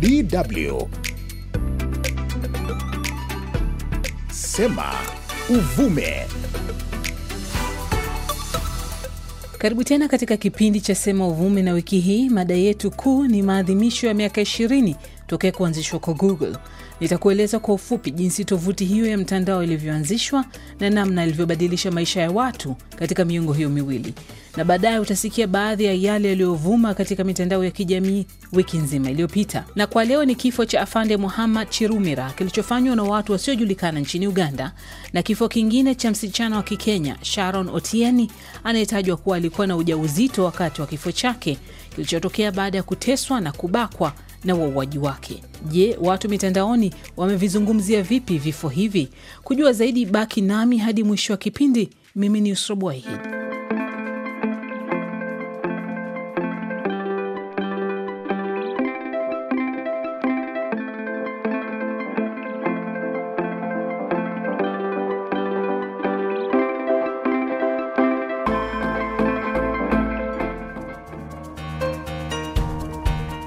DW Sema Uvume. Karibu tena katika kipindi cha Sema Uvume, na wiki hii mada yetu kuu ni maadhimisho ya miaka 20 tokea kuanzishwa kwa Google. Nitakueleza kwa ufupi jinsi tovuti hiyo ya mtandao ilivyoanzishwa na namna ilivyobadilisha maisha ya watu katika miongo hiyo miwili, na baadaye utasikia baadhi ya yale yaliyovuma katika mitandao ya kijamii wiki nzima iliyopita. Na kwa leo ni kifo cha Afande Muhammad Chirumira kilichofanywa na watu wasiojulikana nchini Uganda, na kifo kingine cha msichana wa Kikenya Sharon Otieni anayetajwa kuwa alikuwa na ujauzito wakati wa kifo chake kilichotokea baada ya kuteswa na kubakwa na wauaji wake. Je, watu mitandaoni wamevizungumzia vipi vifo hivi? Kujua zaidi, baki nami hadi mwisho wa kipindi. Mimi ni Usrobwahid.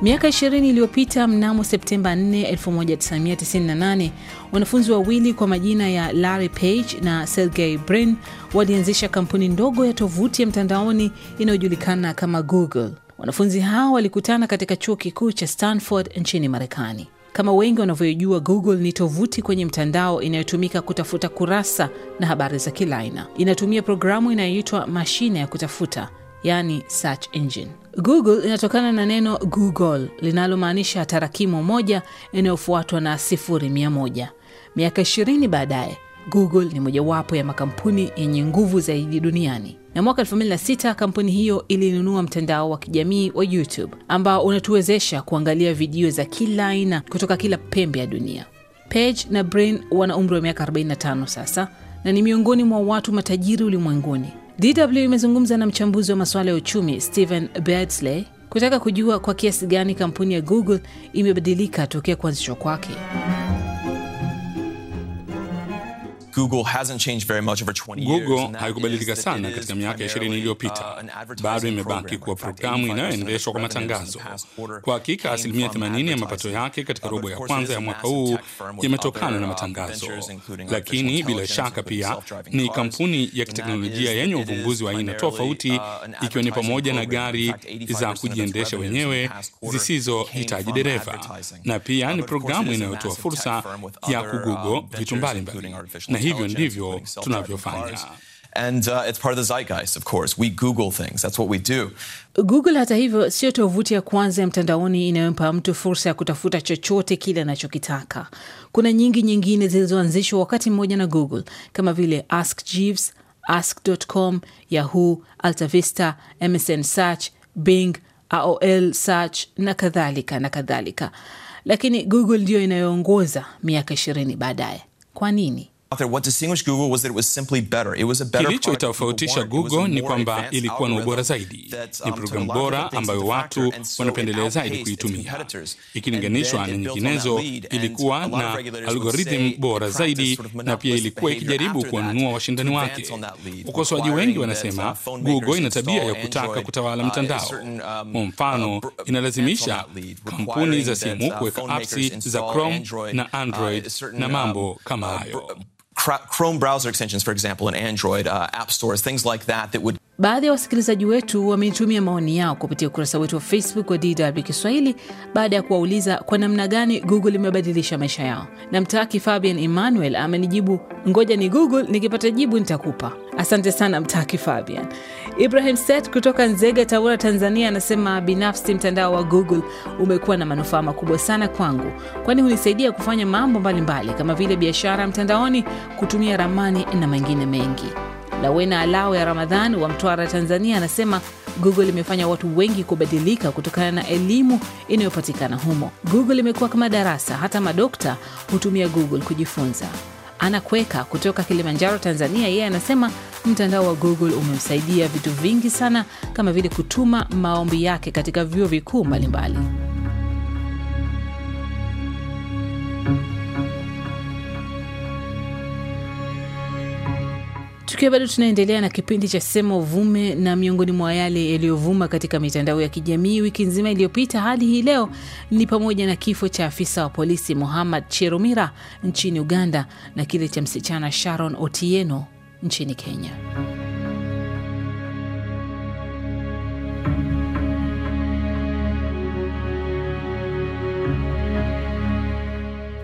Miaka 20 iliyopita mnamo Septemba 4, 1998, wanafunzi wawili kwa majina ya Larry Page na Sergey Brin walianzisha kampuni ndogo ya tovuti ya mtandaoni inayojulikana kama Google. Wanafunzi hao walikutana katika chuo kikuu cha Stanford nchini Marekani. Kama wengi wanavyojua, Google ni tovuti kwenye mtandao inayotumika kutafuta kurasa na habari za kila aina. Inatumia programu inayoitwa mashine ya kutafuta, yani search engine. Google inatokana na neno Google linalomaanisha tarakimu moja inayofuatwa na sifuri mia moja. Miaka 20 baadaye Google ni mojawapo ya makampuni yenye nguvu zaidi duniani na mwaka 2006 kampuni hiyo ilinunua mtandao wa kijamii wa YouTube ambao unatuwezesha kuangalia video za kila aina kutoka kila pembe ya dunia. Page na Brain wana umri wa miaka 45 sasa na ni miongoni mwa watu matajiri ulimwenguni DW imezungumza na mchambuzi wa masuala ya uchumi Stephen Beardsley kutaka kujua kwa kiasi gani kampuni ya Google imebadilika tokea kuanzishwa kwake. Google haikubadilika sana katika miaka 20 iliyopita, uh, bado imebaki kuwa programu inayoendeshwa kwa matangazo. Kwa hakika, asilimia 80 ya mapato yake katika robo ya kwanza ya mwaka huu yametokana na uh, matangazo, lakini bila shaka pia ni kampuni ya kiteknolojia yenye uvumbuzi wa aina tofauti, uh, ikiwa ni pamoja na gari za kujiendesha wenyewe zisizohitaji dereva, na pia ni programu inayotoa fursa ya kugugo vitu mbalimbali hivyo ndivyo tunavyofanya. And, uh, it's part of the zeitgeist, of course. We Google things. That's what we do. Google hata hivyo sio tovuti ya kwanza ya mtandaoni inayompa mtu fursa ya kutafuta chochote kile anachokitaka. Kuna nyingi nyingine zilizoanzishwa wakati mmoja na Google kama vile Ask Jeeves, ask.com, Yahoo, AltaVista, MSN Search, Bing, AOL Search na kadhalika na kadhalika, lakini Google ndiyo inayoongoza miaka ishirini baadaye. Kwa nini? kilicho Kilichotofautisha Google ni kwamba ilikuwa na ubora zaidi, ni um, programu bora ambayo watu wanapendelea zaidi kuitumia ikilinganishwa na nyinginezo. Ilikuwa na algorithm bora zaidi na pia ilikuwa ikijaribu kuwanunua washindani wake. Ukosoaji wengi wanasema uh, Google ina tabia ya kutaka kutawala uh, mtandao. Um, Kwa mfano, uh, inalazimisha kampuni za simu kuweka apps za Chrome na Android na mambo um, kama hayo. Chrome browser extensions, for example, in Android, uh, app stores, things like that, that would Baadhi ya wasikilizaji wetu wameitumia maoni yao kupitia ukurasa wetu wa Facebook wa DW Kiswahili baada ya kuwauliza kwa namna gani Google imebadilisha maisha yao. Na Mtaki Fabian Emmanuel amenijibu, ngoja ni Google nikipata jibu nitakupa. Asante sana Mtaki Fabian. Ibrahim Set kutoka Nzega, Tabora, Tanzania anasema binafsi, mtandao wa Google umekuwa na manufaa makubwa sana kwangu, kwani hunisaidia kufanya mambo mbalimbali mbali, kama vile biashara mtandaoni, kutumia ramani na mengine mengi. Lawena Alawe ya ramadhan wa Mtwara, Tanzania, anasema Google imefanya watu wengi kubadilika kutokana na elimu inayopatikana humo. Google imekuwa kama darasa, hata madokta hutumia Google kujifunza. Anakweka kutoka Kilimanjaro, Tanzania, yeye anasema mtandao wa Google umemsaidia vitu vingi sana, kama vile kutuma maombi yake katika vyuo vikuu mbalimbali. Tukiwa bado tunaendelea na kipindi cha Sema Uvume, na miongoni mwa yale yaliyovuma katika mitandao ya kijamii wiki nzima iliyopita hadi hii leo ni pamoja na kifo cha afisa wa polisi Muhammad Cherumira nchini Uganda na kile cha msichana Sharon Otieno nchini Kenya.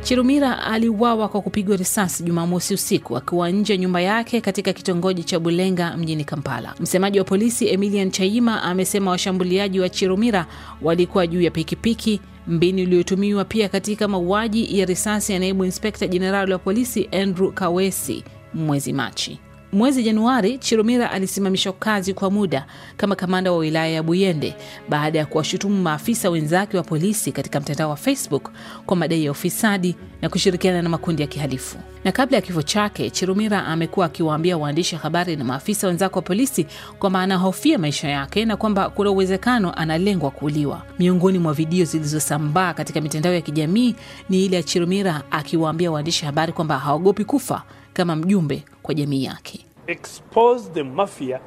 Chirumira aliuawa kwa kupigwa risasi Jumamosi usiku akiwa nje nyumba yake katika kitongoji cha Bulenga mjini Kampala. Msemaji wa polisi Emilian Chaima amesema washambuliaji wa Chirumira walikuwa juu ya pikipiki, mbinu iliyotumiwa pia katika mauaji ya risasi ya naibu inspekta jenerali wa polisi Andrew Kawesi mwezi Machi. Mwezi Januari, Chirumira alisimamishwa kazi kwa muda kama kamanda wa wilaya ya Buyende baada ya kuwashutumu maafisa wenzake wa polisi katika mtandao wa Facebook kwa madai ya ufisadi na kushirikiana na makundi ya kihalifu. Na kabla ya kifo chake, Chirumira amekuwa akiwaambia waandishi habari na maafisa wenzake wa polisi kwamba anahofia maisha yake na kwamba kuna uwezekano analengwa kuuliwa. Miongoni mwa video zilizosambaa katika mitandao ya kijamii ni ile ya Chirumira akiwaambia waandishi habari kwamba haogopi kufa kama mjumbe kwa jamii yake. Expose the mafia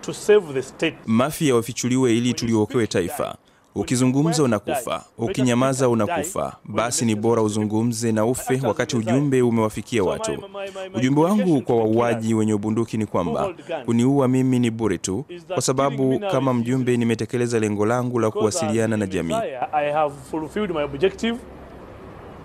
to save the state. Mafia wafichuliwe ili tuliokoe taifa. Ukizungumza unakufa, ukinyamaza unakufa. Basi ni bora uzungumze na ufe wakati ujumbe umewafikia watu. Ujumbe wangu kwa wauaji wenye ubunduki ni kwamba kuniua mimi ni bure tu, kwa sababu kama mjumbe nimetekeleza lengo langu la kuwasiliana na jamii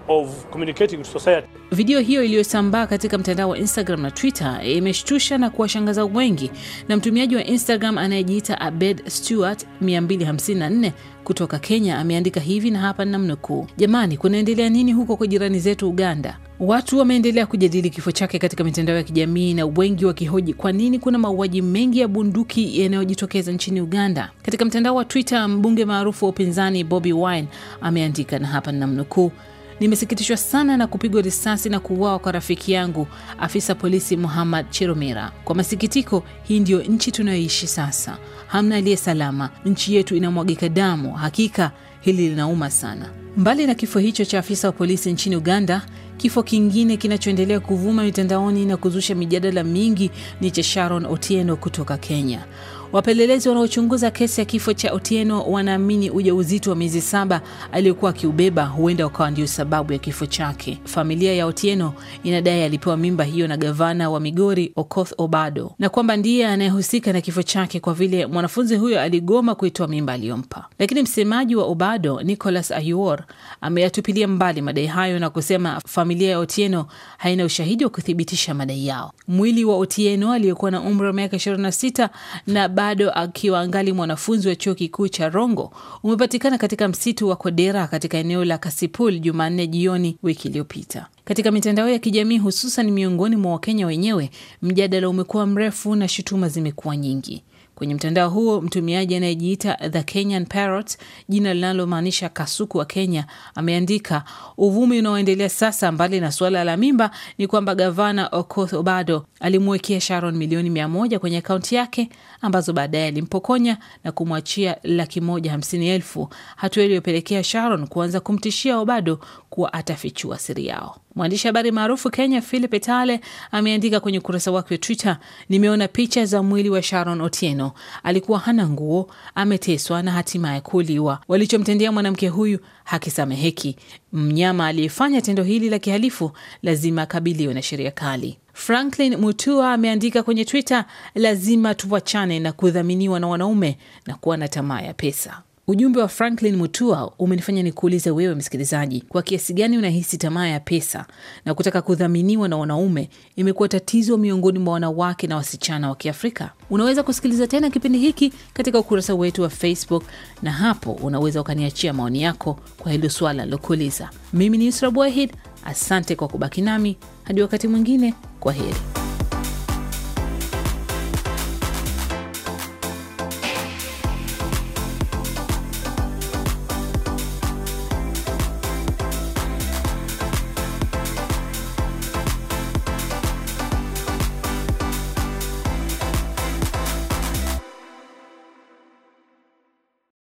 of communicating to society. Video hiyo iliyosambaa katika mtandao wa Instagram na Twitter imeshtusha na kuwashangaza wengi, na mtumiaji wa Instagram anayejiita Abed Stewart 254 kutoka Kenya ameandika hivi, na hapa namnukuu: jamani, kunaendelea nini huko kwa jirani zetu Uganda? Watu wameendelea kujadili kifo chake katika mitandao ya kijamii na wengi wakihoji kwa nini kuna mauaji mengi ya bunduki yanayojitokeza nchini Uganda. Katika mtandao wa Twitter, mbunge maarufu wa upinzani Bobi Wine ameandika, na hapa namnukuu nimesikitishwa sana na kupigwa risasi na kuuawa kwa rafiki yangu, afisa polisi Muhammad Chirumira. Kwa masikitiko, hii ndiyo nchi tunayoishi sasa. Hamna aliye salama, nchi yetu inamwagika damu. Hakika hili linauma sana. Mbali na kifo hicho cha afisa wa polisi nchini Uganda, Kifo kingine kinachoendelea kuvuma mitandaoni na kuzusha mijadala mingi ni cha Sharon Otieno kutoka Kenya. Wapelelezi wanaochunguza kesi ya kifo cha Otieno wanaamini ujauzito wa miezi saba aliyokuwa akiubeba huenda ukawa ndio sababu ya kifo chake. Familia ya Otieno inadai alipewa mimba hiyo na gavana wa Migori Okoth Obado, na kwamba ndiye anayehusika na kifo chake kwa vile mwanafunzi huyo aligoma kuitoa mimba aliyompa. Lakini msemaji wa Obado Nicholas Ayuor ameyatupilia mbali madai hayo na kusema familia ya Otieno haina ushahidi wa kuthibitisha madai yao. Mwili wa Otieno aliyekuwa na umri wa miaka 26 na bado akiwa angali mwanafunzi wa chuo kikuu cha Rongo umepatikana katika msitu wa Kodera katika eneo la Kasipul Jumanne jioni wiki iliyopita. Katika mitandao ya kijamii hususan miongoni mwa Wakenya wenyewe, mjadala umekuwa mrefu na shutuma zimekuwa nyingi. Kwenye mtandao huo, mtumiaji anayejiita The Kenyan Parrot, jina linalomaanisha kasuku wa Kenya, ameandika uvumi unaoendelea sasa, mbali na suala la mimba, ni kwamba gavana Okoth Obado alimwekea Sharon milioni mia moja kwenye akaunti yake ambazo baadaye alimpokonya na kumwachia laki moja hamsini elfu, hatua iliyopelekea Sharon kuanza kumtishia Obado kuwa atafichua siri yao. Mwandishi habari maarufu Kenya Philip Etale ameandika kwenye ukurasa wake wa Twitter, nimeona picha za mwili wa Sharon Otieno. Alikuwa hana nguo, ameteswa na hatimaye kuuliwa. Walichomtendea mwanamke huyu hakisameheki. Mnyama aliyefanya tendo hili la kihalifu lazima akabiliwe na sheria kali. Franklin Mutua ameandika kwenye Twitter, lazima tuwachane na kudhaminiwa na wanaume na kuwa na tamaa ya pesa. Ujumbe wa Franklin Mutua umenifanya nikuulize wewe msikilizaji, kwa kiasi gani unahisi tamaa ya pesa na kutaka kudhaminiwa na wanaume imekuwa tatizo miongoni mwa wanawake na wasichana wa Kiafrika? Unaweza kusikiliza tena kipindi hiki katika ukurasa wetu wa Facebook, na hapo unaweza ukaniachia maoni yako kwa hilo swala lilokuuliza. Mimi ni Yusra Bwahid. Asante kwa kubaki nami hadi wakati mwingine, kwa heri.